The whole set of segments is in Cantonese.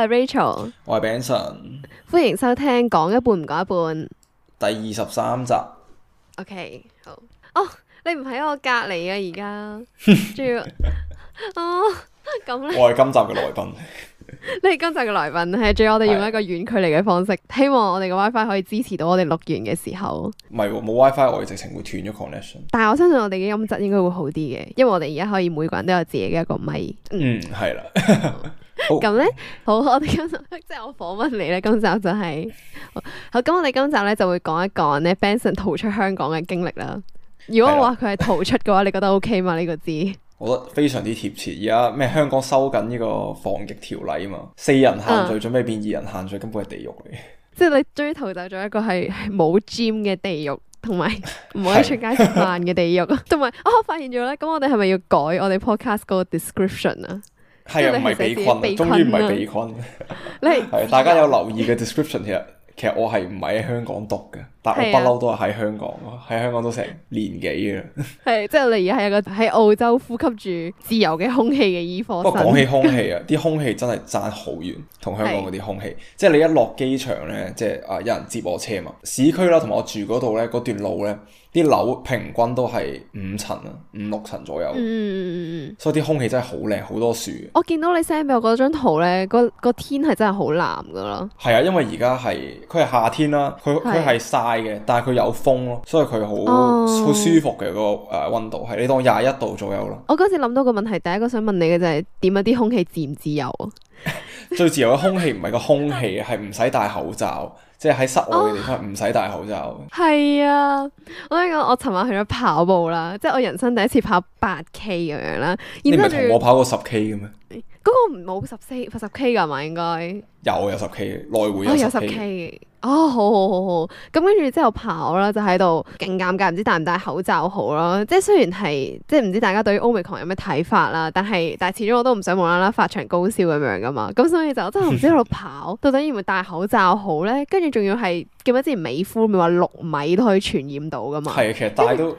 我係 Rachel，我係 Benson，歡迎收聽講一半唔講一半第二十三集。OK，好哦，oh, 你唔喺我隔籬啊，而家仲要哦咁咧。Oh, 呢 我係今集嘅來賓。 你係今集嘅來賓，係仲要我哋用一個遠距離嘅方式，的希望我哋嘅 WiFi 可以支持到我哋錄完嘅時候。唔係，冇 WiFi 我哋直情會斷咗 connection。但係我相信我哋嘅音質應該會好啲嘅，因為我哋而家可以每個人都有自己嘅一個咪。嗯，係啦。咁咧、oh.，好，我哋今集即係我訪問你咧。今集就係、是、好，咁我哋今集咧就會講一講咧，Benson 逃出香港嘅經歷啦。如果我話佢係逃出嘅話， 你覺得 O K 嘛？呢、這個字，我覺得非常之貼切。而家咩香港收緊呢個防疫條例啊嘛，四人限聚準備變二人限聚，uh. 根本係地獄嚟。即係你追逃走咗一個係冇 gym 嘅地獄，同埋唔可以出街食飯嘅地獄，同埋、 哦、我發現咗咧，咁我哋係咪要改我哋 podcast 嗰個 description 啊？係啊，唔係被困，終於唔係被困。大家有留意嘅 description，其實其實我係唔喺香港讀嘅。但我不嬲都係喺香港，喺香港都成年幾嘅。係即係你而家係一個喺澳洲呼吸住自由嘅空氣嘅醫科生。不過講起空氣啊，啲空氣真係差好遠，同香港嗰啲空氣。即係你一落機場咧，即係啊有人接我車嘛。市區啦，同埋我住嗰度咧，嗰段路咧，啲樓平均都係五層啊，五六層左右。嗯嗯嗯，所以啲空氣真係好靚，好多樹。我見到你 send 俾我嗰張圖咧，個天係真係好藍噶咯。係啊，因為而家係佢係夏天啦，佢佢係但係佢有風咯，所以佢好好舒服嘅個誒溫度係你當廿一度左右咯。我嗰時諗到個問題，第一個想問你嘅就係點啊，啲空氣自唔自由啊？ 最自由嘅空氣唔係個空氣，係唔使戴口罩，即係喺室外嘅地方唔使戴口罩。係、哦、啊，我想講我尋晚去咗跑步啦，即、就、係、是、我人生第一次跑八 K 咁樣啦。你唔係同我跑過十 K 嘅咩？ 嗰個冇十四發十 K 噶嘛？應該有有十 K 內會有十 K，哦，有 K 哦！好好好好咁，跟住之後跑啦，就喺度勁尷尬，唔知戴唔戴口罩好咯？即係雖然係即係唔知大家對於 o 美狂有咩睇法啦，但係但係始終我都唔想無啦啦發長高笑咁樣噶嘛。咁所以就真係唔知喺度跑 到底要唔要戴口罩好咧？跟住仲要係記唔得之前美夫咪話六米都可以傳染到噶嘛？係啊，其實戴都后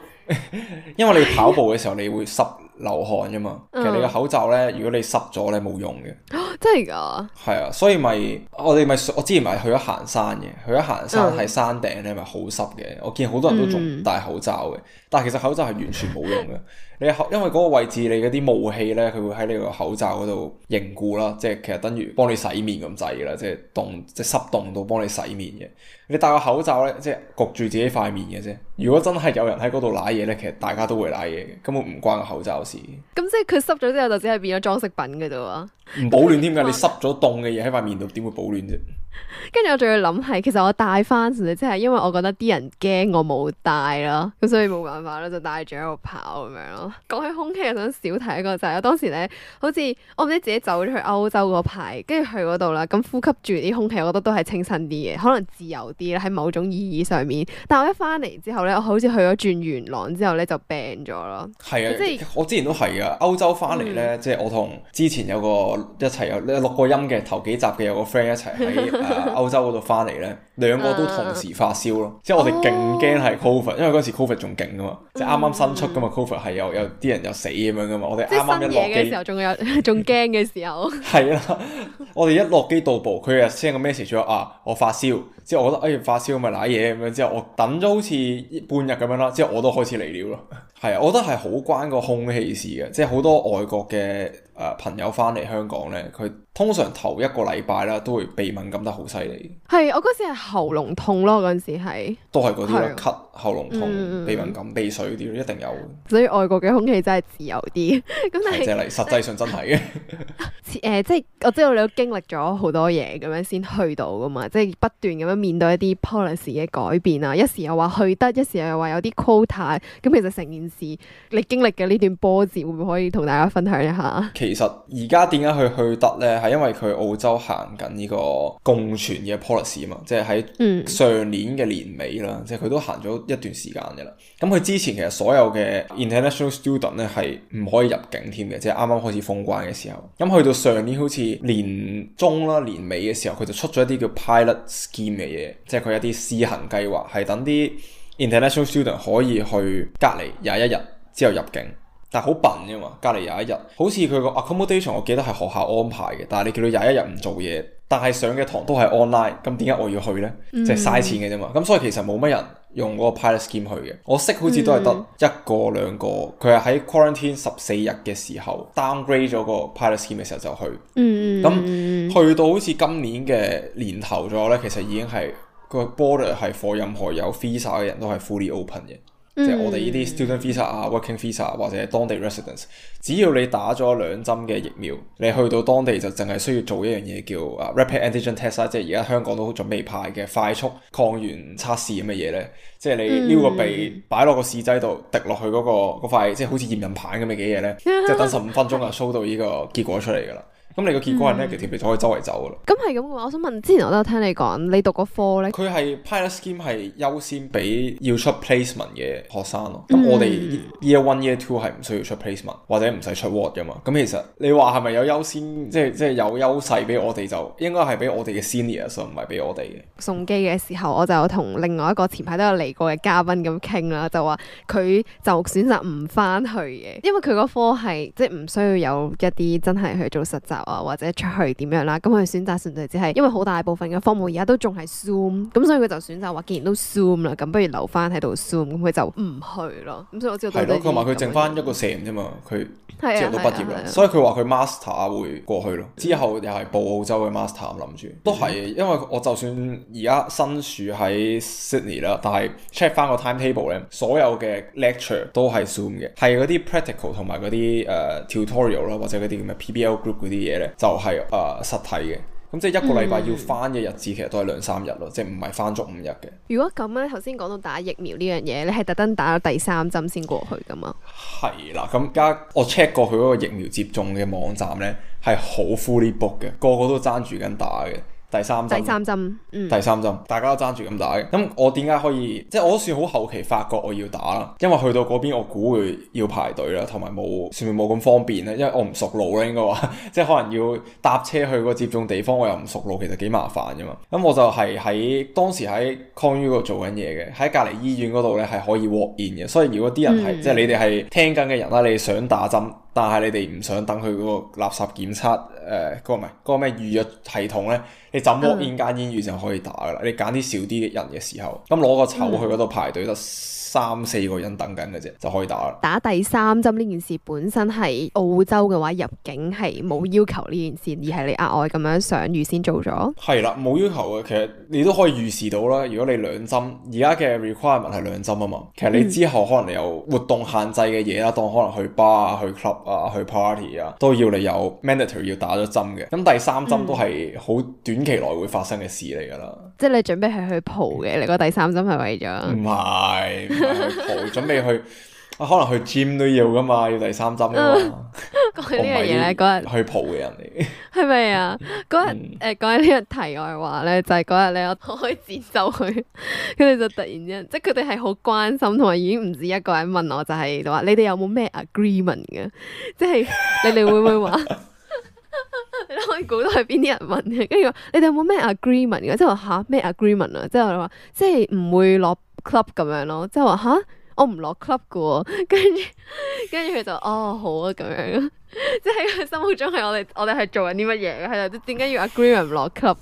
因為你跑步嘅時候，你會濕。 流汗啫嘛，其實你個口罩咧，如果你濕咗咧，冇用嘅、哦。真係㗎？係啊，所以咪我哋咪我之前咪去咗行山嘅，去咗行山喺、嗯、山頂咧咪好濕嘅。我見好多人都仲戴口罩嘅，嗯、但係其實口罩係完全冇用嘅。 你因為嗰個位置你嗰啲霧氣咧，佢會喺你個口罩嗰度凝固啦，即係其實等於幫你洗面咁滯啦，即係凍即係濕凍到幫你洗面嘅。你戴個口罩咧，即係焗住自己塊面嘅啫。如果真係有人喺嗰度瀨嘢咧，其實大家都會瀨嘢嘅，根本唔關個口罩。咁、嗯、即係佢濕咗之後，就只係變咗裝飾品噶啫喎。唔保暖添噶，對你濕咗凍嘅嘢，喺塊面度，點會保暖啫？跟住我仲要諗係，其實我戴翻，其實即係因為我覺得啲人驚我冇戴咯，咁所以冇辦法啦，就戴住喺度跑咁樣咯。講起空氣，就是，我想少睇一個就係，我當時咧好似我唔知自己走咗去歐洲嗰排，跟住去嗰度啦，咁呼吸住啲空氣，我覺得都係清新啲嘅，可能自由啲啦，喺某種意義上面。但係我一翻嚟之後咧，我好似去咗轉元朗之後咧，就病咗咯。係啊，即係我之前都係啊，歐洲翻嚟咧，即係、嗯、我同之前有個。一齊有錄過音嘅頭幾集嘅有個 friend 一齊喺誒歐洲嗰度翻嚟咧，兩個都同時發燒咯，啊、即係我哋勁驚係 covid，因為嗰時 covid 仲勁噶嘛，嗯、即係啱啱新出噶嘛，covid 係有有啲人又死咁樣噶嘛，我哋啱啱一落機，仲有仲驚嘅時候，係 啊， 我哋一落機到埗，佢又 send 個 message 啊，我發燒。即係我覺得，哎發燒咪瀨嘢咁樣。之後我等咗好似半日咁樣咯。之後我都開始嚟了咯。係啊， 我覺得係好關個空氣事嘅。即係好多外國嘅誒、呃、朋友翻嚟香港咧，佢，通常頭一個禮拜啦，都會鼻敏感得好犀利。係，我嗰時係喉嚨痛咯，嗰陣時係。都係嗰啲咳、喉嚨痛、嗯、鼻敏感、鼻水啲一定有。所以外國嘅空氣真係自由啲。咁 但即是係實際上真係嘅。誒、 呃，即係我知道你都經歷咗好多嘢咁樣先去到噶嘛，即係不斷咁樣面對一啲 policy 嘅改變啊，一時又話去得，一時又話有啲 quota，咁其實成件事你經歷嘅呢段波折，會唔會可以同大家分享一下？其實而家點解去去得咧？係因為佢澳洲行緊呢個共存嘅 policy 啊嘛，即係喺上年嘅年尾啦，嗯、即係佢都行咗一段時間嘅啦。咁佢之前其實所有嘅 international student 咧係唔可以入境添嘅，即係啱啱開始封關嘅時候。咁去到上年好似年中啦、年尾嘅時候，佢就出咗一啲叫 pilot scheme 嘅嘢，即係佢一啲試行計劃，係等啲 international student 可以去隔離廿一日之後入境。但係好笨啫嘛，隔離廿一日，好似佢個 accommodation 我記得係學校安排嘅，但係你叫佢廿一日唔做嘢，但係上嘅堂都係 online，咁點解我要去呢？嗯、就係嘥錢嘅啫嘛，咁所以其實冇乜人用嗰個 pilot scheme 去嘅，我識好似都係得一個兩個，佢係喺 quarantine 十四日嘅時候 downgrade 咗個 pilot scheme 嘅時候就去，咁、嗯、去到好似今年嘅年頭咗呢，其實已經係、個 border 係 for 任何有 visa 嘅人都係 fully open 嘅。即係我哋呢啲 student visa 啊、working visa 或者當地 residence，只要你打咗兩針嘅疫苗，你去到當地就淨係需要做一樣嘢叫啊 rapid antigen test 啦，即係而家香港都好準備派嘅快速抗原測試咁嘅嘢咧。即係你撩個鼻擺落個試劑度滴落去嗰、嗰個塊即係好似驗孕棒咁嘅嘅嘢咧，即係等十五分鐘就 show 到呢個結果出嚟㗎啦。咁你個結果係咧，其實、嗯、可以周圍走噶啦。咁係咁嘅話，我想問之前我都有聽你講，你讀個科咧？佢係 Pilot Scheme 係優先俾要出 Placement 嘅學生咯。咁、嗯、我哋 Year One、Year Two 係唔需要出 Placement 或者唔使出 Work 噶嘛。咁其實你話係咪有優先，即係即係有優勢俾我哋？就應該係俾我哋嘅 Seniors，唔、啊、係俾我哋嘅。送機嘅時候，我就同另外一個前排都有嚟過嘅嘉賓咁傾啦，就話佢就選擇唔翻去嘅，因為佢個科係即係唔需要有一啲真係去做實習。啊或者出去點樣啦，咁、嗯、佢選擇純粹只係因為好大部分嘅科目而家都仲係 Zoom，咁所以佢就選擇話既然都 Zoom 啦，咁不如留翻喺度 Zoom，咁佢就唔去咯。咁所以我知道了。係咯了，同埋佢剩翻一個，個 semester 啫嘛，佢直到畢業。所以佢話佢 master 會過去咯，之後又係報澳洲嘅 master 諗住。都係，嗯、因為我就算而家身處喺 Sydney 啦，但係 check 翻個 timetable 咧，所有嘅 lecture 都係 Zoom 嘅，係嗰啲 practical 同埋嗰啲誒、uh, tutorial 啦，或者嗰啲叫咩 PBL group 嗰啲嘢。就係、是、誒、呃、實體嘅，咁即係一個禮拜要返嘅日子，其實都係兩三日咯，嗯、即係唔係返足五日嘅。如果咁咧，頭先講到打疫苗呢樣嘢，你係特登打咗第三針先過去㗎嘛？係啦，咁而家我 check 過佢嗰個疫苗接種嘅網站咧，係好 fully booked 嘅，個個都爭住緊打嘅。第三針，第三針，嗯、大家都爭住咁打嘅。咁我點解可以？即係我都算好後期發覺我要打啦，因為去到嗰邊我估會要排隊啦，同埋冇，算唔算冇咁方便咧？因為我唔熟路咧，應該話，即係可能要搭車去個接種地方，我又唔熟路，其實幾麻煩噶嘛。咁我就係喺當時喺康於嗰度做緊嘢嘅，喺隔離醫院嗰度咧係可以 walk in 嘅。所以如果啲人係、嗯、即係你哋係聽緊嘅人啦，你想打針，但係你哋唔想等佢嗰個垃圾檢測。誒嗰、呃嗰個唔係嗰咩預約系統咧，你怎麼現間現預就可以打噶啦？嗯、你揀啲少啲嘅人嘅時候，咁攞個籌去嗰度排隊，得三四個人等緊嘅啫，就可以打啦。打第三針呢件事本身係澳洲嘅話，入境係冇要求呢件事，而係你額外咁樣想預先做咗。係 啦，冇要求嘅，其實你都可以預示到啦。如果你兩針，而家嘅 requirement 係兩針啊嘛。其實你之後可能你有活動限制嘅嘢啦，當、嗯、可能去 bar 啊、去 club 啊、去 party 啊，都要你有 mandatory 要打。打咗針嘅，咁第三針都係好短期內會發生嘅事嚟噶啦。即係你準備係去蒲嘅，你個第三針係為咗唔係去蒲準備去啊？可能去 gym 都要噶嘛，要第三針。講起呢樣嘢咧，嗰日去蒲嘅人嚟，係咪啊？嗰日誒，講起呢個題外話咧，就係嗰日咧，我開始就去，跟住就突然之間，即係佢哋係好關心，同埋已經唔止一個人問我就係就話，你哋有冇咩 agreement 嘅？」即係你哋會唔會話？ 你可以估到係邊啲人問嘅，跟住話你哋有冇咩 agreement 嘅？即係話吓咩 agreement 啊？即係我哋話即係唔會落 club 咁樣咯？即係話吓我唔落 club 嘅？跟住跟住佢就哦好啊咁樣。即係喺佢心目中係我哋我哋係做緊啲乜嘢？係啦，點解要 agreement 唔落 club？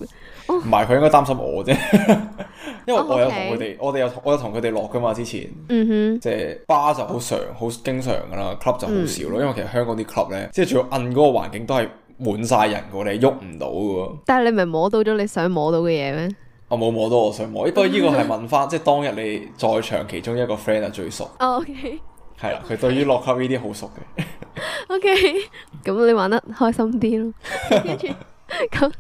唔係佢應該擔心我啫， 因為我,、哦 okay. 我有同佢哋，我哋有我有同佢哋落噶嘛。之前，嗯、哼，即係巴就好常好經常噶啦，club 就好少咯。嗯、因為其實香港啲 club 咧，即係除咗摁嗰個環境都係。滿晒人噶你喐唔到噶喎。但係你咪摸到咗你想摸到嘅嘢咩？我冇摸到我想摸，不過呢個係問翻，即係當日你在場其中一個 friend 啊最熟。 哦，OK。係啦，佢對於落卡 c a 呢啲好熟嘅。OK，咁你玩得開心啲咯。跟住，咁，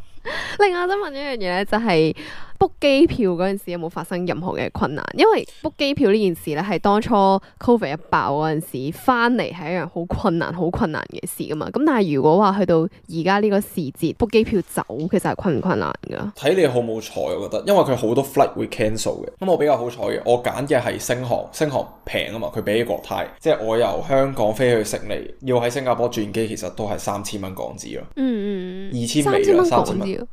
另外我想問一樣嘢咧，就係、是。book 機票嗰陣時有冇發生任何嘅困難？因為 book 機票呢件事呢，係當初 covid 一爆嗰陣時翻嚟係一樣好困難、好困難嘅事啊嘛。咁但係如果話去到而家呢個時節 book 機票走，其實係困唔困難噶？睇你好冇彩，我覺得，因為佢好多 flight 會 cancel 嘅。咁我比較好彩嘅，我揀嘅係星航，星航平啊嘛，佢比國泰。即係我由香港飛去悉尼，要喺新加坡轉機，其實都係三千蚊港紙咯。嗯嗯嗯，二千幾啦，三千蚊。3,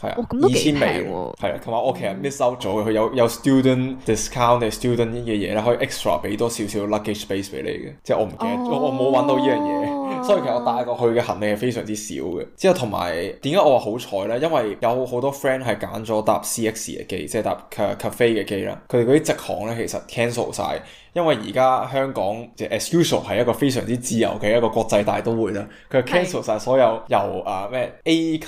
係啊，哦、二千美喎，係、哦、啊，同埋我其實 miss out 咗佢有有 student discount、student 嘅嘢嘢啦，可以 extra 俾多少少 luggage space 俾你嘅，即係我唔記得，哦、我我冇揾到呢樣嘢，所以其實我帶過去嘅行李係非常之少嘅。之後同埋點解我話好彩咧？因為有好多 friend 係揀咗搭 CX 嘅機，即係搭 Cathay 嘅機啦。佢哋嗰啲直航咧，其實 cancel 晒，因為而家香港就 as usual 係一個非常之自由嘅一個國際大都會啦。佢 cancel 晒所有由是啊咩 A 級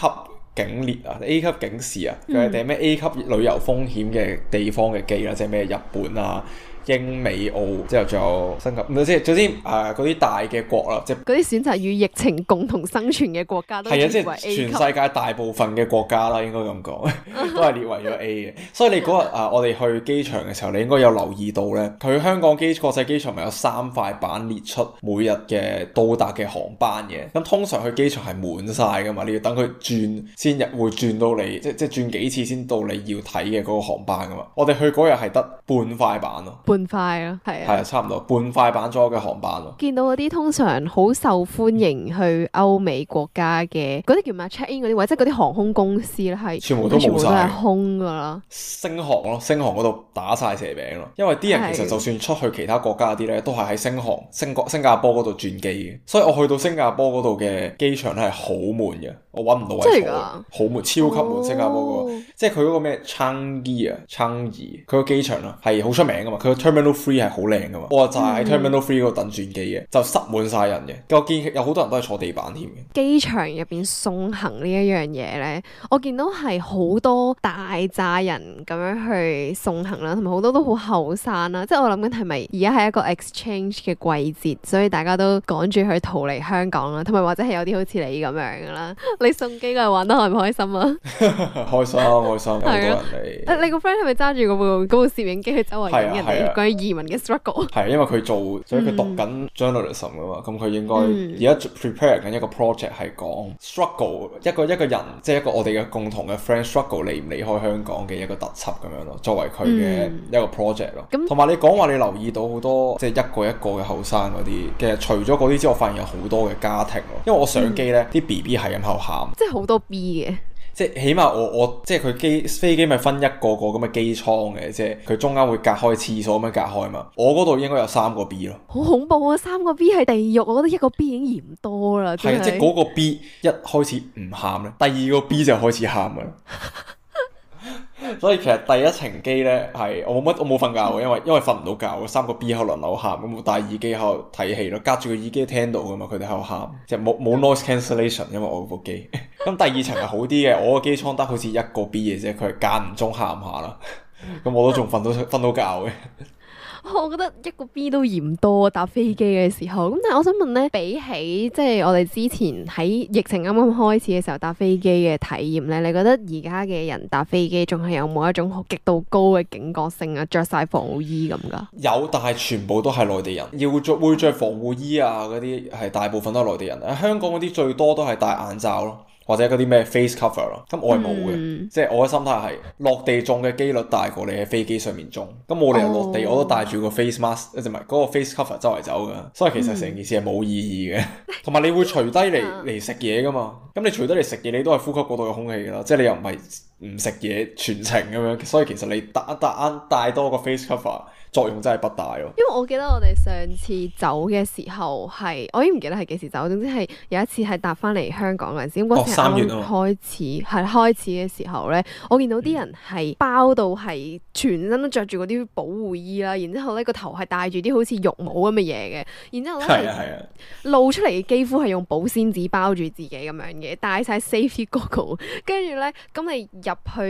警烈啊，A 級警示啊，定係咩 A 級旅遊風險嘅地方嘅機啦，即係咩日本啊？英美澳之後，仲有新加坡，唔係，即係總之誒，嗰啲大嘅國啦，即嗰啲選擇與疫情共同生存嘅國家都列為 A 級。全世界大部分嘅國家啦，應該咁講，都係列為咗 A 嘅。 所以你嗰日誒，我哋去機場嘅時候，你應該有留意到咧，佢香港機國際機場咪有三塊板列出每日嘅到達嘅航班嘅。咁通常去機場係滿晒噶嘛，你要等佢轉先入，會轉到你即即轉幾次先到你要睇嘅嗰個航班噶嘛。我哋去嗰日係得半塊板咯。半塊咯，係啊，係啊 差唔多半塊板左右嘅航班咯。見到嗰啲通常好受歡迎去歐美國家嘅嗰啲叫咩 check in 嗰啲位，即係嗰啲航空公司咧，係全部都冇晒，空㗎啦。星航咯，星航嗰度打晒蛇餅咯，因為啲人其實就算出去其他國家啲咧，的都係喺星航、星國、新加坡嗰度轉機嘅，所以我去到新加坡嗰度嘅機場咧係好悶嘅。我揾唔到位坐，好悶，超級悶，新加坡嗰個，oh. 即係佢嗰個咩 Changi 啊，Changi，佢個機場啊，係好出名噶嘛，佢個 Terminal Three 係好靚噶嘛，我就係 Terminal Three 度等轉機嘅，就塞滿晒人嘅，我見有好多人都係坐地板添嘅。機場入邊送行呢一樣嘢呢，我見到係好多大扎人咁樣去送行啦，同埋好多都好後生啦，即係我諗緊係咪而家係一個 exchange 嘅季節，所以大家都趕住去逃離香港啦，同埋或者係有啲好似你咁樣噶啦。你送機啦，玩得開唔開心啊？開心，開心，好多人嚟。誒，你個 friend 係咪揸住嗰部部攝影機去周圍影人哋關於移民嘅 struggle？係，因為佢做，所以佢讀緊 journalism 啊嘛。咁佢應該而家 prepare 緊一個 project 係講 struggle，一個一個人即係一個我哋嘅共同嘅 friend struggle 離唔離開香港嘅一個特輯咁樣咯，作為佢嘅一個 project 咯。咁同埋你講話，你留意到好多即係一個一個嘅後生嗰啲，其實除咗嗰啲之外，發現有好多嘅家庭咯。因為我上機咧，啲 BB 係咁後即係好多 B 嘅，即係起碼我我即係佢機飛機咪分一個個咁嘅機艙嘅，即係佢中間會隔開廁所咁樣隔開嘛。我嗰度應該有三個 B 咯，好恐怖啊！三個 B 係地獄，我覺得一個 B 已經嫌多啦。係，就係啊，即係嗰個 B 一開始唔喊咧，第二個 B 就開始喊啦。 所以其實第一程機咧，係我冇乜我冇瞓覺嘅，因為因為瞓唔到覺，三個 B 口輪流喊咁，戴耳機喺度睇戲咯，隔住個耳機聽到㗎嘛，佢哋喺度喊，就冇冇 noise cancellation 因為我部機。咁 第二層係好啲嘅，我個機艙得好似一個 B 嘅啫，佢係間唔中喊下啦，咁、 嗯、我都仲瞓到瞓到覺嘅。 我覺得一個 B 都嫌多，搭飛機嘅時候咁。但係我想問咧，比起即係我哋之前喺疫情啱啱開始嘅時候搭飛機嘅體驗咧，你覺得而家嘅人搭飛機仲係有冇一種極度高嘅警覺性啊？着晒防護衣噉㗎？有，但係全部都係內地人，要著會着防護衣啊！嗰啲係大部分都係內地人，香港嗰啲最多都係戴眼罩咯。或者嗰啲咩 face cover 咯，咁、嗯、我係冇嘅，即係我嘅心態係落地中嘅機率大過你喺飛機上面中，咁我哋落地我都帶住個 face mask，就唔係嗰個 face cover 周圍走嘅，所以其實成件事係冇意義嘅，同埋、嗯、 你會除低嚟嚟食嘢噶嘛，咁你除低嚟食嘢你都係呼吸嗰度嘅空氣啦，即係你又唔係唔食嘢全程咁樣，所以其實你搭一搭帶多個 face cover。作用真係不大咯、哦。因為我記得我哋上次走嘅時候係，我已經唔記得係幾時走，總之係有一次係搭翻嚟香港陣時，時、哦，因為嗰陣開始係、哦、開始嘅時候咧，我見到啲人係包到係全身都着住嗰啲保護衣啦，然之後咧個頭係戴住啲好似浴帽咁嘅嘢嘅，然之後咧係啊，係啊，露出嚟嘅肌膚係用保鮮紙包住自己咁樣嘅，戴晒 safety goggles，跟住咧咁你入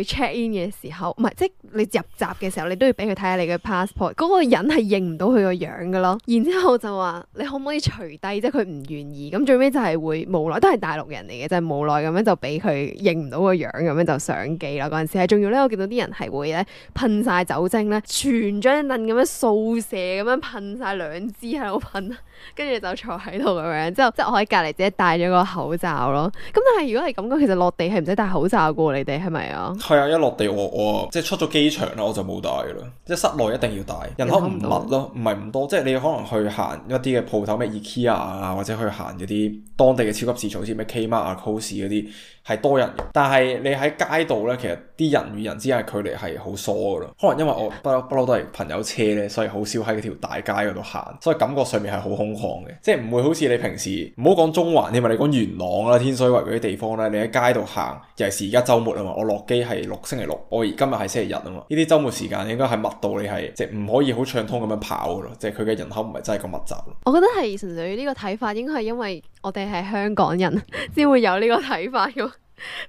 去 check in 嘅時候，唔係，即係你入閘嘅時候，你都要俾佢睇下你嘅 passport。嗰個人係認唔到佢個樣嘅咯，然之後就話你可唔可以除低？即係佢唔願意，咁最尾就係會無奈，都係大陸人嚟嘅，就係無奈咁樣就俾佢認唔到個樣咁樣就上機啦嗰陣時。係仲要咧，我見到啲人係會咧噴晒酒精咧，全張凳咁樣掃射咁樣噴晒兩支喺度噴。跟住就坐喺度咁樣，之後即係我喺隔籬自己戴咗個口罩咯。咁但係如果係咁講，其實落地係唔使戴口罩噶，你哋係咪啊？係啊，一落地我我即係出咗機場啦，我就冇戴啦。即係室內一定要戴，人口唔密咯，唔係唔多。即係你可能去行一啲嘅鋪頭，咩 IKEA 啊，或者去行一啲當地嘅超級 mark, 市場，好似咩 Kmart 啊、Coles 嗰啲。係多人，但係你喺街道呢，其實啲人與人之間距離係好疏噶咯。可能因為我不嬲不嬲都係朋友車呢，所以好少喺條大街嗰度行，所以感覺上面係好空曠嘅，即係唔會好似你平時唔好講中環添，你講元朗啦、天水圍嗰啲地方呢，你喺街度行，尤其是而家周末啊嘛。我落機係六星期六，我而今日係星期日啊嘛。呢啲周末時間應該係密度，你係即係唔可以好暢通咁樣跑噶咯，即係佢嘅人口唔係真係咁密集。我覺得係純粹呢個睇法應該係因為。我哋係香港人先 會有呢個睇法嘅，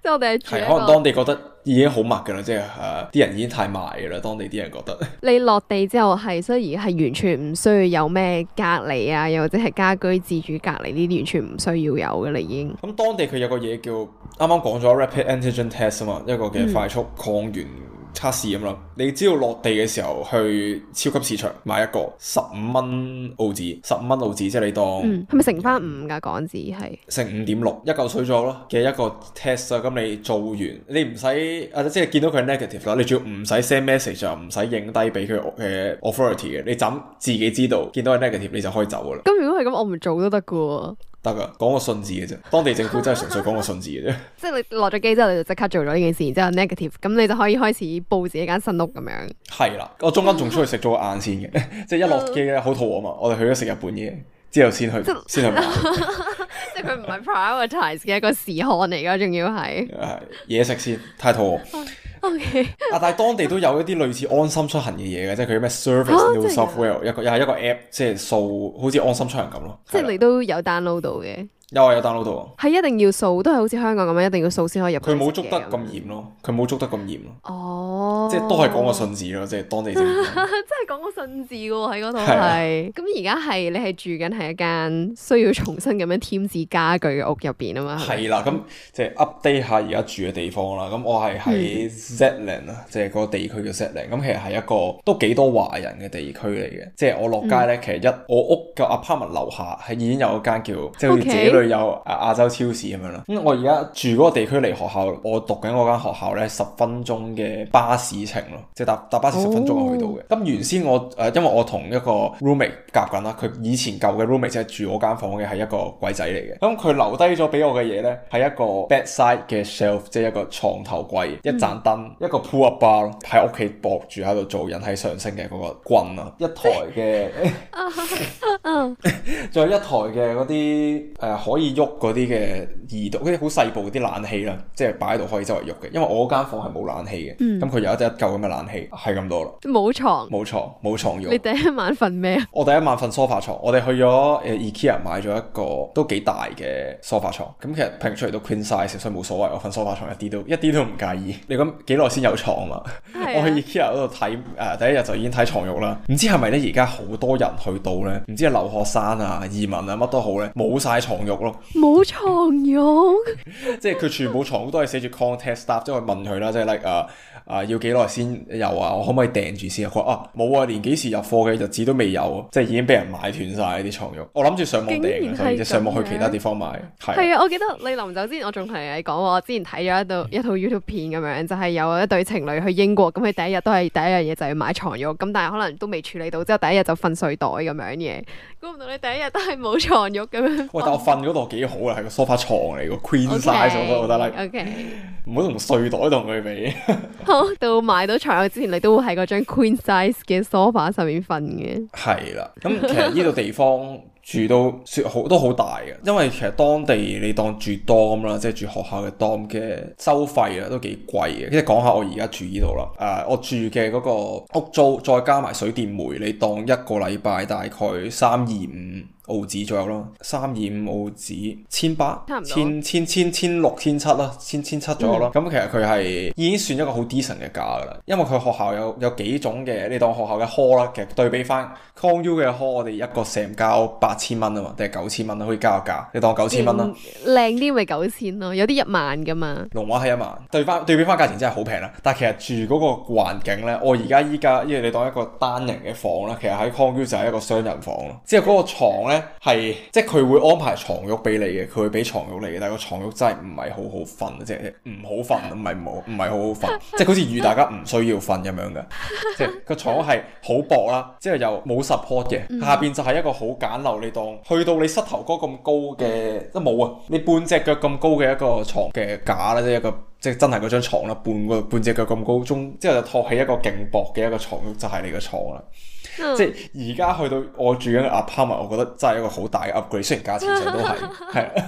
即係我哋係可能當地覺得已經好密噶啦，即係啲人已經太埋噶啦，當地啲人覺得。你落地之後係雖然係完全唔需要有咩隔離啊，又或者係家居自主隔離呢，啲，完全唔需要有嘅啦已經。咁當地佢有個嘢叫啱啱講咗 rapid antigen test 啊嘛，一個嘅快速抗原。測試咁咯，你只要落地嘅時候去超級市場買一個十五蚊澳紙，十五蚊澳紙即係你當，係咪、嗯、乘翻五噶港紙係？乘五點六，一嚿水做咯嘅一個 test 啊、嗯！咁你做完，你唔使啊，即係見到佢係 negative 啦，ity，你仲要唔使 send message 又唔使影低俾佢嘅 authority 嘅，你怎自己知道見到係 negative 你就可以走噶啦？咁如果係咁，我唔做都得噶喎。得噶，講個信字嘅啫。當地政府真係純粹講個信字嘅啫。 即係你落咗機之後，你就即刻做咗呢件事，然之後 negative，咁你就可以開始佈自己間新屋咁樣。係啦， 我中間仲出去食咗個晏先嘅，即係一落機咧好肚餓嘛，我哋去咗食日本嘢，之後先去先去買 即係佢唔係 prioritize 嘅一個事項嚟㗎，仲要係。係 嘢食先，太肚餓。O Okay . K. 啊，但係當地都有一啲類似安心出行嘅嘢嘅，即係佢咩 service new software、哦、一個又係一個 app，即係掃好似安心出行咁咯。即係你都有 download 到嘅。又係有 download 到，係一定要掃，都係好似香港咁樣，一定要掃先可以入去。佢冇捉得咁嚴咯，佢冇捉得咁嚴咯。哦、oh.，即係都係講個信字咯，即係當地先。 真係講個信字喎，喺嗰度係。咁而家係你係住緊喺一間需要重新咁樣添置家具嘅屋入邊啊嘛？係啦，咁即係 update 下而家住嘅地方啦。咁我係喺 Setland 啊，即係嗰個地區叫 Setland。咁其實係一個都幾多華人嘅地區嚟嘅。即、就、係、是、我落街咧，嗯、其實一我屋嘅 apartment 樓下係已經有一間叫周小佢有亞洲超市咁樣咯，咁、嗯、我而家住嗰個地區離學校，我讀緊嗰間學校呢，十分鐘嘅巴士程咯，即係搭搭巴士十分鐘去到嘅。咁、哦、原先我誒、呃，因為我同一個 roommate 夾緊啦，佢以前舊嘅 roommate 即係住我房間房嘅住我間房嘅係一個鬼仔嚟嘅，咁、嗯、佢留低咗俾我嘅嘢呢，係一個 bedside 嘅 shelf，即係一個床頭櫃，嗯、一盞燈，一個 pull up bar 喺屋企駁住喺度做引體上升嘅嗰個棍啊，一台嘅，仲 有一台嘅嗰啲誒。呃可以喐嗰啲嘅移動，嗰啲好細部啲冷氣啦，即係擺喺度可以周圍喐嘅。因為我間房係冇冷氣嘅，咁佢、嗯、有一隻一嚿咁嘅冷氣，係咁多啦。冇床，冇床，冇床褥。你第一晚瞓咩啊？我第一晚瞓梳化床。我哋去咗誒 IKEA 買咗一個都幾大嘅梳化床。咁其實拼出嚟都 queen size 所以冇所謂。我瞓梳化床一，一啲都一啲都唔介意。 你咁幾耐先有床 啊我去 IKEA 嗰度睇誒，第一日就已經睇床褥啦。唔知係咪咧？而家好多人去到咧，唔知係留學生啊、移民啊乜都好咧，冇晒床褥。冇床褥， 即係佢全部床褥都係寫住 contact staff 即係問佢啦，即係 like 啊啊，要幾耐先有啊？我可唔可以訂住先啊？佢話啊冇啊，連幾時入貨嘅日子都未有，啊。」即係已經俾人買斷晒啲床褥。我諗住上網上訂，即上網去其他地方買。係啊，啊，我記得你臨走之前，我仲同你講，我之前睇咗一套一套 YouTube 片咁樣，就係、是、有一對情侶去英國，咁佢第一日都係第一樣嘢就係買床褥，咁但係可能都未處理到，之後第一日就瞓睡，睡袋咁樣嘢。估唔到你第一日都係冇床褥咁樣。喂，但我瞓嗰度幾好啦，係個 sofa 床嚟個 queen size 我覺得。OK，唔好同睡袋同佢比。 好到買到床之前，你都會喺嗰張 queen size 嘅 sofa 上面瞓嘅。係啦，咁其實呢度地方。 住到雪好，都好大嘅。因為其實當地你當住 dom 啦，即係住學校嘅 dom 嘅收費啊，都幾貴嘅。即係講下我而家住呢度啦，誒、呃，我住嘅嗰個屋租再加埋水電煤，你當一個禮拜大概三二五。澳紙左右咯，三二五澳紙不，千八，千千千千六千七啦，千千七左右咯。咁、嗯嗯、其實佢係已經算一個好 decent 嘅價噶啦，因為佢學校有有幾種嘅，你當學校嘅 hall 啦，其實對比翻 Con U 嘅 hall，我哋一個成交八千蚊啊嘛，定係九千蚊可以加個價，你當九千蚊啦。靚啲咪九千咯，9, 000，有啲一萬噶嘛。龍娃係一萬，對翻對比翻價錢真係好平啦。但係其實住嗰個環境咧，我而家依家因為，你當一個單人嘅房啦，其實喺 Con U 就係一個雙人房咯，即係嗰個牀 係，即係佢會安排床褥俾你嘅，佢會俾床褥你嘅，但係個床褥真係唔係好好瞓啊，即係唔好瞓，唔係唔唔係好好瞓，即係好似預大家唔需要瞓咁樣嘅，即係個床係好薄啦，之後又冇 support 嘅，下邊就係一個好簡陋，你當去到你膝頭哥咁高嘅都冇啊，你半隻腳咁高嘅一個床嘅架啦，即係一個即係真係嗰張床啦，半個半隻腳咁高，中之後就托起一個勁薄嘅一個床褥，就係你嘅床啦。即係而家去到我住緊嘅 apartment，我覺得真係一個好大嘅 upgrade。雖然價錢上都係係，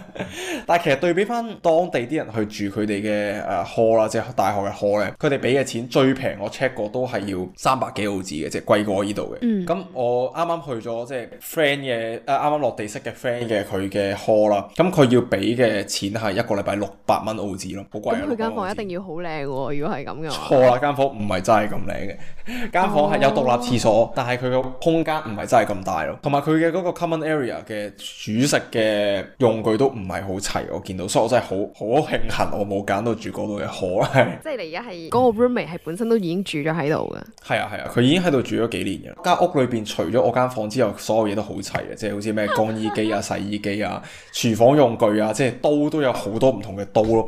但係其實對比翻當地啲人去住佢哋嘅誒 hall 啦，即係大學嘅 hall 咧，佢哋俾嘅錢最平，我 check 過都係要三百幾澳紙嘅，即係貴過我呢度嘅。咁我啱啱去咗即係 friend 嘅誒，啱啱落地識嘅 friend 嘅佢嘅 hall 啦，咁佢要俾嘅錢係一個禮拜六百蚊澳紙咯，好貴啦。咁佢間房一定要好靚喎，如果係咁嘅。錯啦，間房唔係真係咁靚嘅，間 房係有獨立廁所，但係。佢個空間唔係真係咁大咯，同埋佢嘅嗰個 common area 嘅煮食嘅用具都唔係好齊，我見到，所以我真係好好慶幸我冇揀到住嗰度嘅可係。即係你而家係嗰個 roommate、er、係本身都已經住咗喺度嘅？係啊係啊，佢、啊、已經喺度住咗幾年嘅。間屋裏邊除咗我間房之外，所有嘢都好齊嘅，即係好似咩乾衣機啊、 洗衣機啊、廚房用具啊，即係刀都有好多唔同嘅刀咯。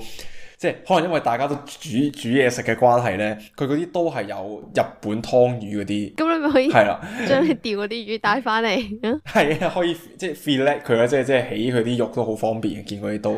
即係可能因為大家都煮煮嘢食嘅關係咧，佢嗰啲都係有日本湯魚嗰啲，咁你咪可以係啦，將你釣嗰啲魚帶翻嚟。係啊，可以即係 fillet 佢啊，即係即係起佢啲肉都好方便。見佢啲刀，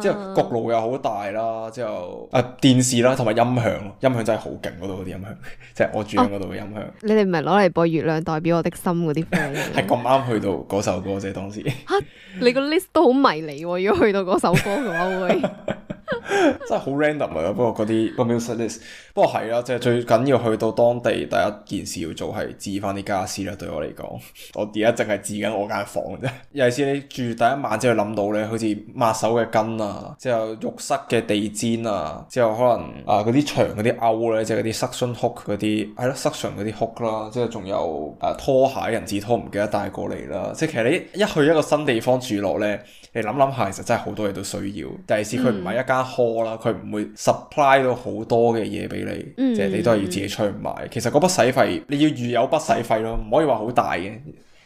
之、啊、後焗爐又好大啦，之後啊電視啦，同埋音響，音響真係好勁嗰度嗰啲音響，即係我住嗰度嘅音響。啊、你哋唔係攞嚟播《月亮代表我的心》嗰啲咩？係咁啱去到嗰首歌啫，即當時。吓，你個 list 都好迷你、啊，如果去到嗰首歌嘅話會。 真係好 random 啊！不過嗰啲，But, 不過係啦、啊，即、就、係、是、最緊要去到當地第一件事要做係置翻啲家私啦。對我嚟講， 我，我而家淨係置緊我間房啫。 尤其是你住第一晚之後諗到咧，好似抹手嘅巾啊，之後浴室嘅地氈啊，之後可能啊嗰啲牆嗰啲勾咧，即、就、係、是、嗰啲 suction hook 嗰啲，係咯 suction 嗰啲 hook 啦。即係仲有誒、啊、拖鞋、人字拖，唔記得帶過嚟啦。即係 其實你一,一去一個新地方住落咧。你諗諗下，其實真係好多嘢都需要。第二係佢唔係一間 hall 啦，佢唔會 supply 到好多嘅嘢俾你，嗯、即係你都係要自己出去買。其實嗰筆使費你要預有筆使費咯，唔可以話好大嘅。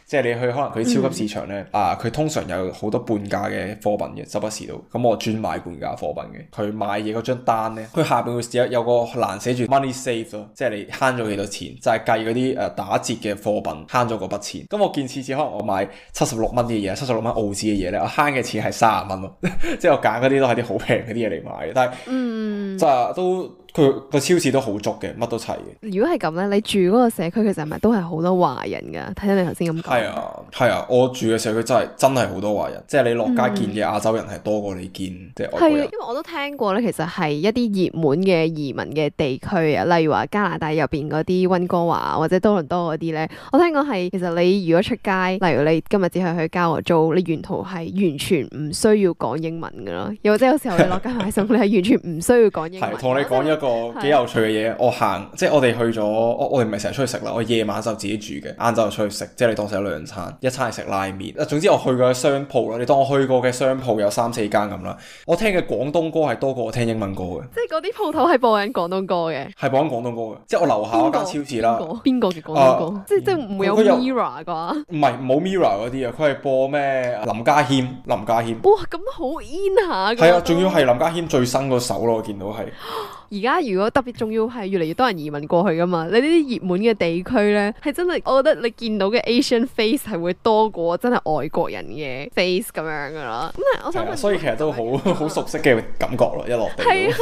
即係你去可能佢超級市場呢，啊佢通常有好多半價嘅貨品嘅，周不時到。咁我專買半價貨品嘅。佢買嘢嗰張單咧，佢下邊會有個欄寫住 money save 咯，即係你慳咗幾多錢，就係、是、計嗰啲誒打折嘅貨品慳咗嗰筆錢。咁我見次次可能我買七十六蚊嘅嘢，七十六蚊澳紙嘅嘢呢，我慳嘅錢係三十蚊咯。 即係我揀嗰啲都係啲好平嗰啲嘢嚟買嘅，但係、嗯、即係都。佢個超市都好足嘅，乜都齊嘅。如果係咁咧，你住嗰個社區其實係咪都係好多華人噶？睇下你頭先咁講。係啊，係啊，我住嘅社區真係真係好多華人，即係你落街見嘅亞洲人係多過你見即係外國人、嗯、係，因為我都聽過咧，其實係一啲熱門嘅移民嘅地區啊，例如話加拿大入邊嗰啲溫哥華或者多倫多嗰啲咧，我聽講係其實你如果出街，例如你今日只係去交和租，你沿途係完全唔需要講英文噶囉，又或者有時候你落街買餸， 你係完全唔需要講英文。同你講一。個幾有趣嘅嘢，我行即係我哋去咗，我我哋唔係成日出去食啦。我夜晚就自己煮嘅，晏晝就出去食，即係你當食咗兩餐，一餐係食拉麵。啊，總之我去過嘅商鋪啦，你當我去過嘅商鋪有三四間咁啦。我聽嘅廣東歌係多過我聽英文歌嘅。即係嗰啲鋪頭係播緊廣東歌嘅，係播緊廣東歌嘅。即係我樓下嗰間超市啦，邊個嘅廣東歌？即係即係唔會有 mirror 啩有？唔係冇 mirror 嗰啲啊，佢係播咩林家謙，林家謙。家哇，咁好 in 下。係啊，仲都、啊、要係林家謙最新個首咯，我見到係。啊而家如果特別重要係越嚟越多人移民過去噶嘛，你呢啲熱門嘅地區呢，係真係我覺得你見到嘅 Asian face 係會多過真係外國人嘅 face 咁樣噶啦。咁但係我想問，所以其實都好好係熟悉嘅感覺咯，一落地。係啊，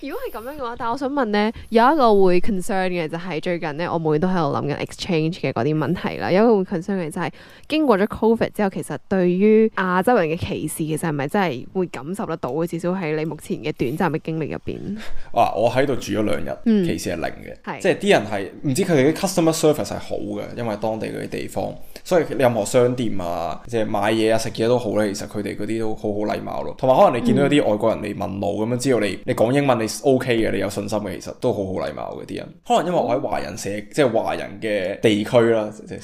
如果係咁樣嘅話，但係我想問呢，有一個會 concern 嘅就係最近呢，我每日都喺度諗緊 exchange 嘅嗰啲問題啦。有一個會 concern 嘅就係、係、經過咗 COVID 之後，其實對於亞洲人嘅歧視，其實係咪真係會感受得到？至少喺你目前嘅短暫嘅經歷入邊。我喺度住咗兩日，歧視係零嘅，嗯、即係啲人係唔知佢哋啲 customer service 係好嘅，因為當地嗰啲地方，所以任何商店啊，即係買嘢啊、食嘢都好咧。其實佢哋嗰啲都好好禮貌咯。同埋可能你見到有啲外國人嚟、嗯、問路咁樣，知道你你講英文你 O K 嘅，你有信心嘅，其實都好好禮貌嗰啲人。可能因為我喺華人社，即係華人嘅地區啦，即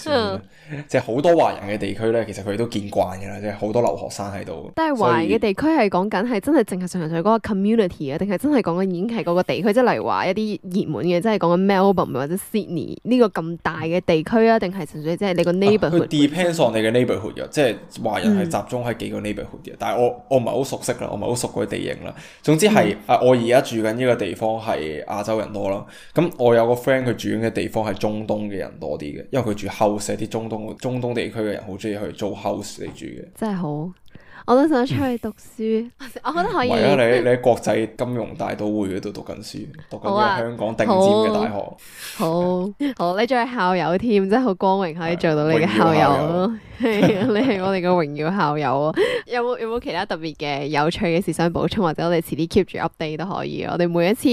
係好、嗯、 多華人嘅地區咧，其實佢哋都見慣嘅啦，即係好多留學生喺度。但係華人嘅地區係講緊係真係淨係常常在嗰個 community 啊，定係真係講緊演經個地區，即係例如話一啲熱門嘅，即係講緊 Melbourne 或者 Sydney，呢個咁大嘅地區啊，定係純粹即係你個 neighborhood？佢 depends on 你嘅 neighborhood 嘅，即係華人係集中喺幾個 neighborhood 嘅。嗯、但係我我唔係好熟悉啦，我唔係好熟嗰啲地形啦。總之係、嗯、啊，我而家住緊呢個地方係亞洲人多囉。咁我有個 friend 佢住緊嘅地方係中東嘅人多啲嘅，因為佢住 house，啲中東中東地區嘅人好中意去租 house 嚟住嘅。真係好。我都想出去讀書，嗯、我覺得可以。唔係啊，你你喺國際金融大都會嗰度讀緊書，讀緊、啊、香港頂尖嘅大學。好好， 好，你仲係校友添，真係好光榮，可以做到你嘅校友咯。你係我哋嘅榮耀校友啊！有冇有冇其他特別嘅有趣嘅事想補充，或者我哋遲啲 keep 住 update 都可以。我哋每一次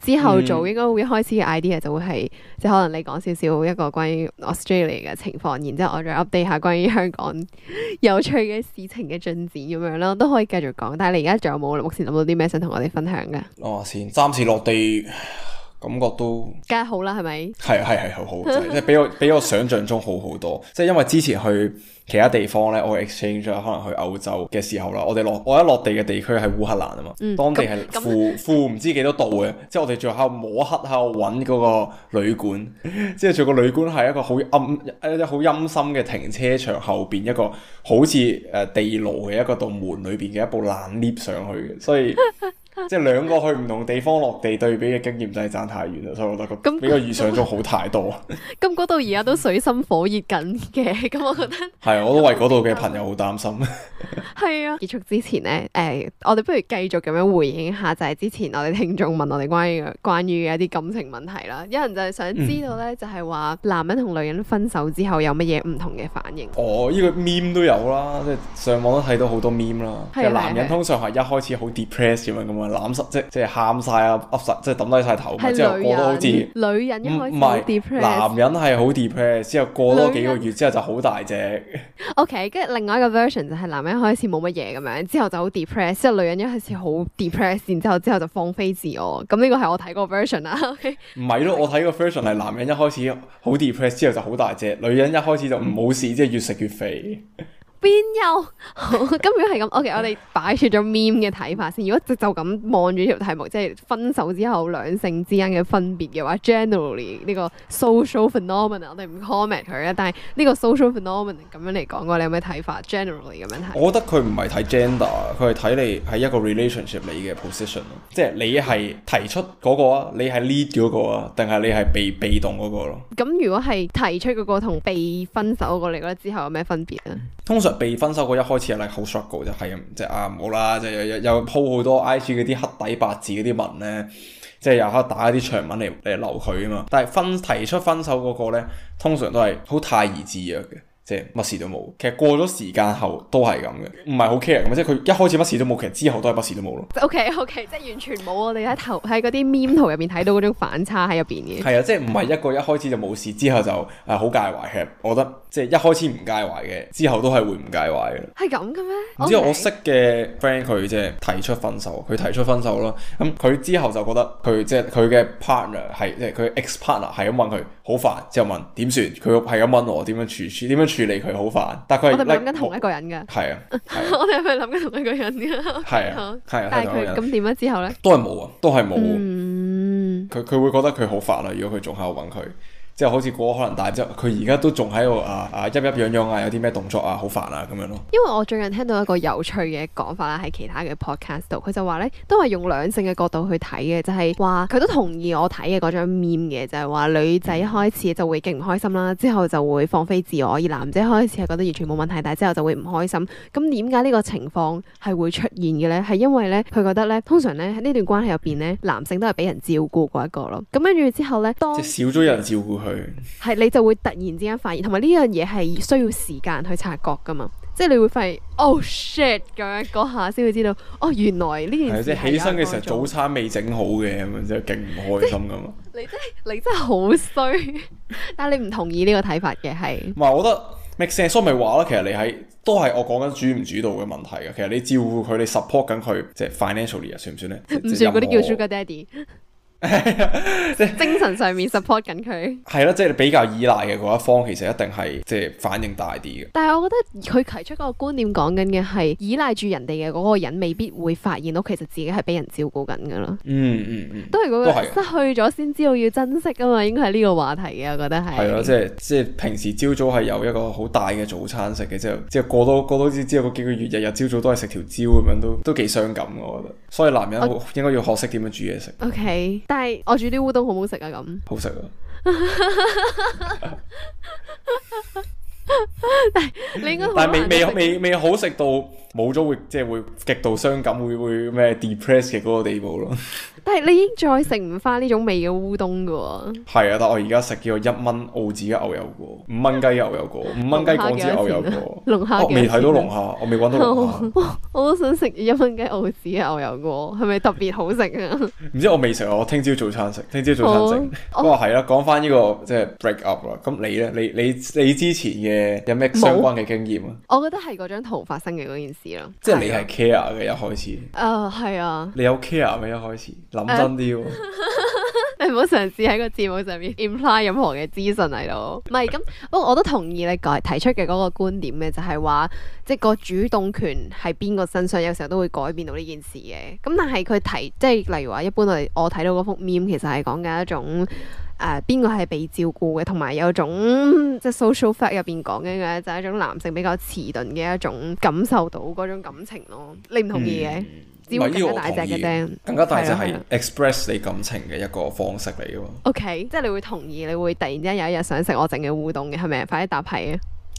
之後做，應該會一開始嘅 idea、嗯、就會係，即係可能你講少少一個關於 Australia 嘅情況，然之後我再 update 下關於香港有趣嘅事情嘅進。咁樣咯，都可以繼續講。但係你而家仲有冇目前諗到啲咩想同我哋分享嘅？我話先，暫時落地。感覺都梗係好啦，係咪？係係係好好，即係比我比我想象中好好多。即係 因為之前去其他地方咧，我 exchange 咗，可能去歐洲嘅時候啦，我哋落我一落地嘅地區係烏克蘭啊嘛，嗯、當地係負負唔知幾多度嘅， 即係我哋最後摸黑喺度揾嗰個旅館，即係住個旅館係一個好暗，一啲好陰森嘅停車場後邊一個好似誒，地牢嘅一個道門裏邊嘅一部爛 lift 上去嘅，所以。 即係兩個去唔同地方落地對比嘅經驗真係差太遠啦，所以我覺得比較 預想中好太多 。咁嗰度而家都水深火熱緊嘅，咁我覺得係，我都為嗰度嘅朋友好擔心。係 啊，結束之前咧，誒、哎，我哋不如繼續咁樣回應下，就係、是、之前我哋聽眾問我哋關於關於一啲感情問題啦。有人就係想知道咧，嗯、就係話男人同女人分手之後有乜嘢唔同嘅反應。哦、呢、這個 meme 都有啦，即、就、係、是、上網都睇到好多 meme 啦。啊啊啊、男人通常係一開始好 depressed 咁樣咁樣、啊。攬實即即係喊晒啊，噏實即係抌低晒頭，之後過多好似女人一開始唔係，男人係好 depressed，之後過多幾個月之後就好大隻。OK，跟住另外一個 version 就係男人一開始冇乜嘢咁樣，之後就好 depressed，之後女人一開始好 depressed，然之後之後就放飛自我。咁呢個係我睇個 version 啦。OK，唔係咯，我睇個 version 係男人一開始好 depressed，之後就好大隻，女人一開始就唔好事，嗯、即係越食越肥。邊有？咁如果係咁，OK， 我哋擺出咗 mean 嘅睇法先。如果就咁望住條題目，即係分手之後兩性之間嘅分別嘅話，generally 呢個 social phenomenon，我哋唔 comment 佢啊。但係呢個 social phenomenon 咁樣嚟講嘅話，你有咩睇法？Generally 咁樣睇，我覺得佢唔係睇 gender，佢係睇你喺一個 relationship 你嘅 position 咯。即係你係提出嗰個啊，你係 lead 嗰個啊，定係你係被被動嗰個咯？咁如果係提出嗰個同被分手嗰個，你覺得之後有咩分別啊？通常。被分手嗰一開始又係好 shock 就係啊，即係啊冇啦，即係又又鋪好多 IG 嗰啲黑底白字嗰啲文咧，即係又刻打一啲長文嚟嚟留佢啊嘛。但係分提出分手嗰個咧，通常都係好泰然自若嘅。即係乜事都冇，其實過咗時間後都係咁嘅，唔係好 care 咁。即係佢一開始乜事都冇，其實之後都係乜事都冇咯。OK，OK，即係完全冇。我哋喺頭喺嗰啲 meme 圖入邊睇到嗰種反差喺入邊嘅。係啊，即係唔係一個一開始就冇事，之後就誒好介懷。其實我覺得即係一開始唔介懷嘅，之後都係會唔介懷嘅。係咁嘅咩？唔知 Okay. 我識嘅 friend 佢即係提出分手，佢提出分手咯。咁佢之後就覺得佢即係佢嘅 partner 係，即係佢嘅 ex partner 係咁問佢。好煩，之後問點算？佢係咁問我點樣處處點樣處理佢？好煩。但係佢係諗緊同一個人噶，係啊，啊 我哋係咪諗緊同一個人噶？係、okay, 啊，係啊，但同一個人咁點樣之後咧？都係冇啊，都係冇。佢佢會覺得佢好煩啦。如果佢仲喺度搵佢。即係好似過可能大之後，佢而家都仲喺度啊啊，一一樣樣啊，有啲咩動作啊，好煩啊咁樣咯。因為我最近聽到一個有趣嘅講法啦，喺其他嘅 podcast 度，佢就話咧都係用兩性嘅角度去睇嘅，就係話佢都同意我睇嘅嗰張面嘅，就係話女仔開始就會勁唔開心啦，之後就會放飛自我；而男仔開始係覺得完全冇問題，但係之後就會唔開心。咁點解呢個情況係會出現嘅咧？係因為咧佢覺得咧，通常咧喺呢段關係入邊咧，男性都係俾人照顧嗰一個咯。咁跟住之後咧，即少咗有人照顧佢。係，你就會突然之間發現，同埋呢樣嘢係需要時間去察覺噶嘛，即係你會發現 oh shit 咁樣嗰下先會知道哦，oh, 原來呢件事即係起身嘅時候早餐未整好嘅，咁樣即係勁唔開心噶嘛 你！你真係 你真係好衰，但係你唔同意呢個睇法嘅係？唔係，我覺得 m a x e s 咪話咯，其實你喺都係我講緊主唔主導嘅問題嘅。其實你照顧佢，你 support 緊佢，即、就、係、是、financially 啊，算唔算咧？唔算嗰啲叫 Sugar Daddy。即係 精神上面 support 緊佢，係咯，即係比較依賴嘅嗰一方，其實一定係即係反應大啲嘅。但係我覺得佢提出個觀念講緊嘅係依賴住人哋嘅嗰個人，未必會發現到其實自己係俾人照顧緊噶啦。嗯嗯，都係嗰個失去咗先知道要珍惜啊嘛，是應該係呢個話題嘅，我覺得係。係咯，即係即係平時朝早係有一個好大嘅早餐食嘅，即係即係過到過到之之後嗰幾個月，日日朝早都係食條蕉咁樣，都都幾傷感我覺得，所以男人我應該要學識點樣煮嘢食。OK。但係我煮啲烏冬好唔好食啊？咁好食啊！但係你應該，但係未未未未好食到冇咗會，即係會極度傷感，會會咩 depressed 嘅嗰個地步咯。但係你已經再食唔翻呢種味嘅烏冬噶喎，係啊！但係、 啊、我而家食咗一蚊澳紙嘅牛油果，五蚊雞牛油果，五蚊雞港紙牛油果，龍蝦我未睇到龍蝦，我未搵到龍蝦。我都想食一蚊雞澳紙嘅牛油果，係咪特別好食啊？唔知，我未食，我聽朝早餐食，聽朝早餐食。不過係啦，講翻呢個即係、就是、break up 啦。咁你咧，你你你之前嘅有咩相關嘅經驗啊？我覺得係嗰張圖發生嘅嗰件事咯。 即係你係 care 嘅一開始。Uh, 啊，係啊。你有 care 嘅一開始？諗真啲，你唔好嘗試喺個字幕上面 imply 任何嘅資訊嚟度。唔係咁，不過 我我都同意你提出嘅嗰個觀點嘅，就係話即係個主動權喺邊個身上，有時候都會改變到呢件事嘅。咁但係佢提即係、就是、例如話，一般我我睇到嗰幅面，其實係講嘅一種誒，邊個係被照顧嘅，同埋有一種即係、就是、social fact 入邊講緊嘅就係一種男性比較遲鈍嘅一種感受到嗰種感情咯。你唔同意嘅？嗯要更加大隻嘅啫，這個、更加大隻係 express 你感情嘅一個方式嚟嘅喎。O、okay, K，即係你會同意，你會突然之間有一日想食我整嘅烏冬嘅，係咪快啲搭牌啊！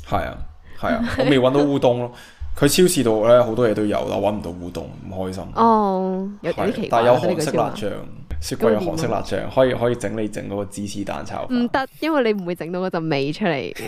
係啊，係啊， 我未搵到烏冬咯。 佢超市度咧好多嘢都有，但係揾唔到互動，唔開心。哦、oh,，有啲奇怪但有韓式辣醬，雪櫃有韓式辣醬，可以可以整你整到個芝士蛋炒飯。唔得，因為你唔會整到嗰陣味出嚟。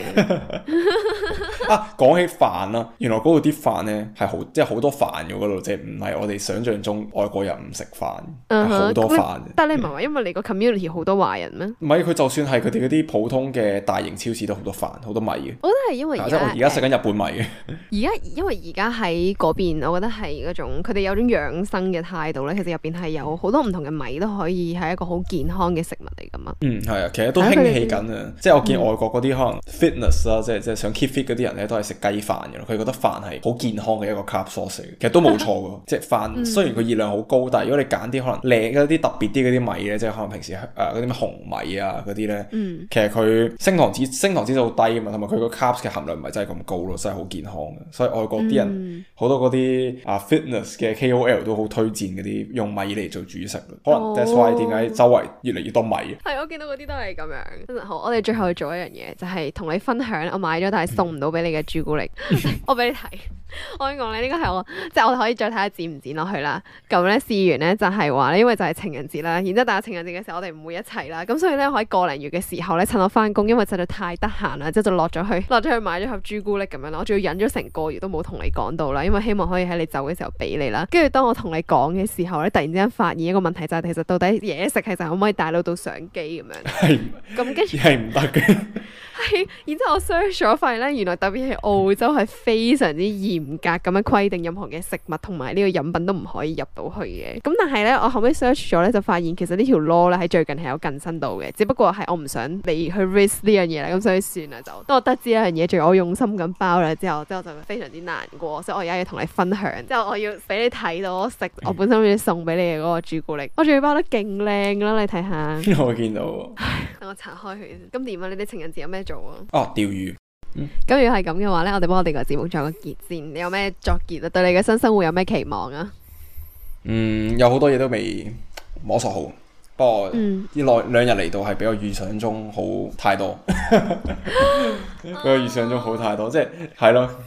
啊，講起飯啦、啊，原來嗰度啲飯咧係好即係好多飯嘅嗰度，即係唔係我哋想象中外國人唔食飯，好、uh huh, 多飯。但係你唔係話因為你個 community 好多華人咩？唔係，佢就算係佢哋嗰啲普通嘅大型超市都好多飯，好多米嘅。我都係因為我而家食緊日本米嘅。而家因為而家喺嗰邊，我覺得係嗰種佢哋有種養生嘅態度咧。其實入邊係有好多唔同嘅米都可以係一個好健康嘅食物嚟噶嘛。嗯，係啊，其實都興起緊啊。即係我見外國嗰啲可能 fitness 啦、啊，即係即係想 keep fit 嗰啲人咧，都係食雞飯嘅。佢哋覺得飯係好健康嘅一個 carb source，其實都冇錯嘅。 即係飯、嗯、雖然佢熱量好高，但係如果你揀啲可能靚一啲特別啲嗰啲米咧，即係可能平時誒嗰啲咩紅米啊嗰啲咧，呢嗯、其實佢升糖指升糖指數好低啊嘛，同埋佢個 carb 嘅含量唔係真係咁高咯，真係好健康嘅。所以外國啲人好多嗰啲啊 fitness 嘅 K O L 都好推薦嗰啲用米嚟做主食，可能 That's why 點解周圍越嚟越多米。係、哦，我見到嗰啲都係咁樣。好，我哋最後要做一樣嘢，就係、是、同你分享我買咗但係送唔到俾你嘅朱古力，嗯、 我俾你睇。應該我應講咧，呢個係我即係我可以再睇下剪唔剪落去啦。咁咧試完咧就係話咧，因為就係情人節啦。然之後但係情人節嘅時候我哋唔會一齊啦。咁所以咧我喺個零月嘅時候咧趁我翻工，因為實在太得閒啦，之後就落咗去，落咗去買咗盒朱古力咁樣啦。我仲要忍咗成個月都冇同你講到啦，因為希望可以喺你走嘅時候俾你啦。跟住當我同你講嘅時候咧，突然之間發現一個問題就係、是、其實到底嘢食係實可唔可以帶到到相機咁樣？係咁跟住係唔得嘅。後 係，然之後我 search 咗，發現咧，原來特別係澳洲係非常之嚴格咁樣規定，任何嘅食物同埋呢個飲品都唔可以入到去嘅。咁但係咧，我後尾 search 咗咧，就發現其實呢條 law 咧喺最近係有更新到嘅，只不過係我唔想你去 risk 呢樣嘢啦，咁所以算啦就。當我得知一樣嘢，仲要我用心咁包啦之後，之後就非常之難過，所以我而家要同你分享。之後我要俾你睇到我食，我本身要送俾你嘅嗰個朱古力，我仲要包得勁靚啦，你睇下。我見到。等我拆開佢先。咁點啊？你哋情人節有咩做？哦，釣、啊、魚。咁、嗯、如果係咁嘅話呢，我哋幫我哋個節目作個結先。你有咩作結啊？對你嘅新生活有咩期望啊？嗯，有好多嘢都未摸索好，不過呢兩兩日嚟到係比我預想中好太多，嗯、 比我預想中好太多， 啊、即係係咯。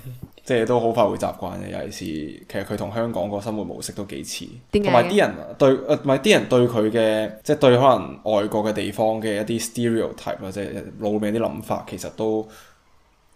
即係都好快會習慣嘅，尤其是其實佢同香港個生活模式都幾似，同埋啲人對，誒，唔係啲人對佢嘅，即係對可能外國嘅地方嘅一啲 stereotype 啊，即係老命啲諗法，其實都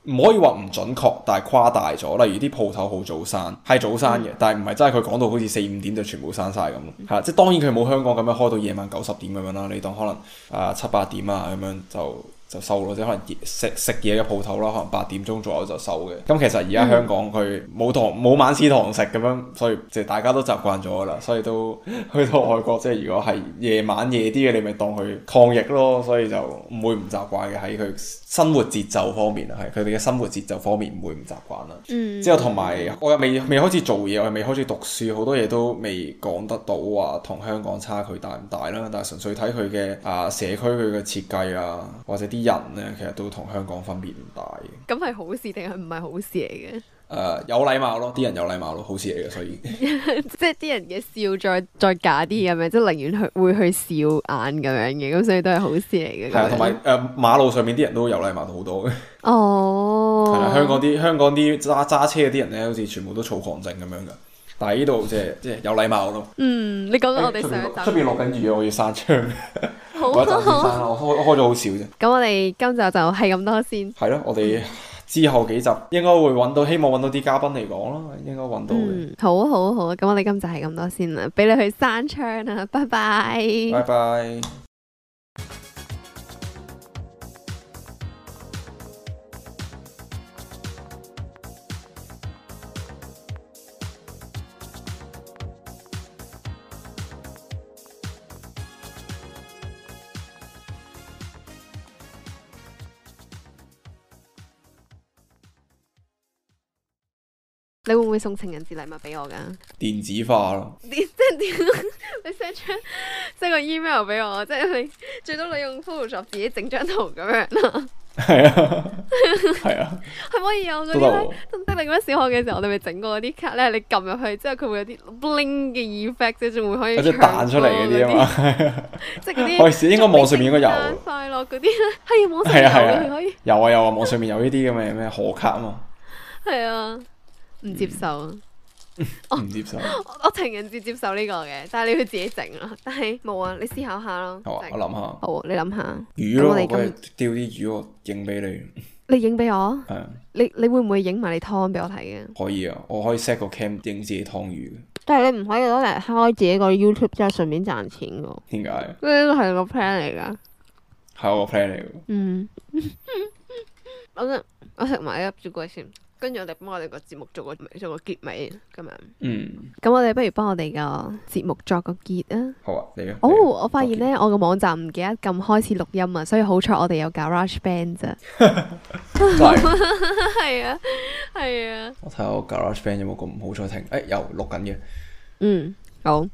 唔可以話唔準確，但係誇大咗。例如啲鋪頭好早閂，係早閂嘅，嗯、但係唔係真係佢講到好似四五點就全部閂晒咁咯。係，嗯、即係當然佢冇香港咁樣開到夜晚九十點咁樣啦。你當可能啊七八點啊咁樣就。就收咯，即可能食食嘢嘅鋪頭啦，可能八點鐘左右就收嘅。咁其實而家香港佢冇堂，冇、嗯、晚市堂食咁樣，所以即係大家都習慣咗噶啦，所以都去到外國， 即係如果係夜晚夜啲嘅，你咪當佢抗疫咯，所以就唔會唔習慣嘅喺佢。生活節奏方面啊，係佢哋嘅生活節奏方面唔會唔習慣啦。嗯、之後同埋我又未未開始做嘢，我又未開始讀書，好多嘢都未講得到話同香港差距大唔大啦。但係純粹睇佢嘅啊社區佢嘅設計啊，或者啲人呢，其實都同香港分別唔大嘅。咁係好事定係唔係好事嚟嘅？誒有禮貌咯，啲人有禮貌咯，好事嚟嘅，所以即係啲人嘅笑再再假啲咁樣，即係寧願去會去笑眼咁樣嘅，咁所以都係好事嚟嘅。係，同埋誒馬路上面啲人都有禮貌好多嘅。哦，係啦，香港啲香港啲揸揸車啲人咧，好似全部都躁狂症咁樣㗎。但係呢度即係即係有禮貌咯。嗯，你講緊，我哋出邊落緊雨，我要閂窗。好啊，我開開咗好少啫。咁我哋今集就係咁多先。係咯，我哋。之後幾集應該會揾到，希望揾到啲嘉賓嚟講囉，應該揾到嘅，嗯。好，好，好，好，咁我哋今集係咁多先啦，俾你去閂窗啦，拜拜。拜拜。你會唔會送情人節禮物俾我噶？電子化咯，即係點？你 send 張 send 個 email 俾我，即係你最多你用 Photoshop 自己整張圖咁樣啦。係啊， 係啊行，係可以啊！啲。我記得，即你咁樣小學嘅時候，我哋咪整過啲卡咧，你撳入去之後，佢會有啲 bling 嘅 effect，即仲會可以。 有彈出嚟嗰啲啊嘛，即係嗰啲。可以試，應該網上面應該有。快樂嗰啲，喺網上可以。有啊有啊，網上面有呢啲咁嘅咩賀卡啊嘛。係 啊。唔接受，啊，我唔接受。我情人節接受呢個嘅，但係你要自己整啊。但係冇啊，你思考下咯。係啊，我諗下。好，你諗下。魚咯，我今日釣啲魚，我影俾你。你影俾我。係。你你會唔會影埋你湯俾我睇嘅？可以啊，我可以 set 個 cam 影自己湯魚。但係你唔可以攞嚟開自己個 YouTube，即係順便賺錢噶。點解？因為呢個係個 plan 嚟噶。係我 plan 嚟。嗯。我我食埋一粒朱古力先。跟住我哋幫我哋個節目做個做個結尾咁樣。嗯，咁我哋不如幫我哋個節目作個結啊。好啊，你。啊。 吧哦，我發現咧，結我個網站唔記得撳開始錄音啊，所以好彩我哋有 Garage Band 咋。係啊，係啊。 我睇下我 Garage Band 有冇咁唔好彩停？誒、哎，又錄緊嘅。 嗯，好。好。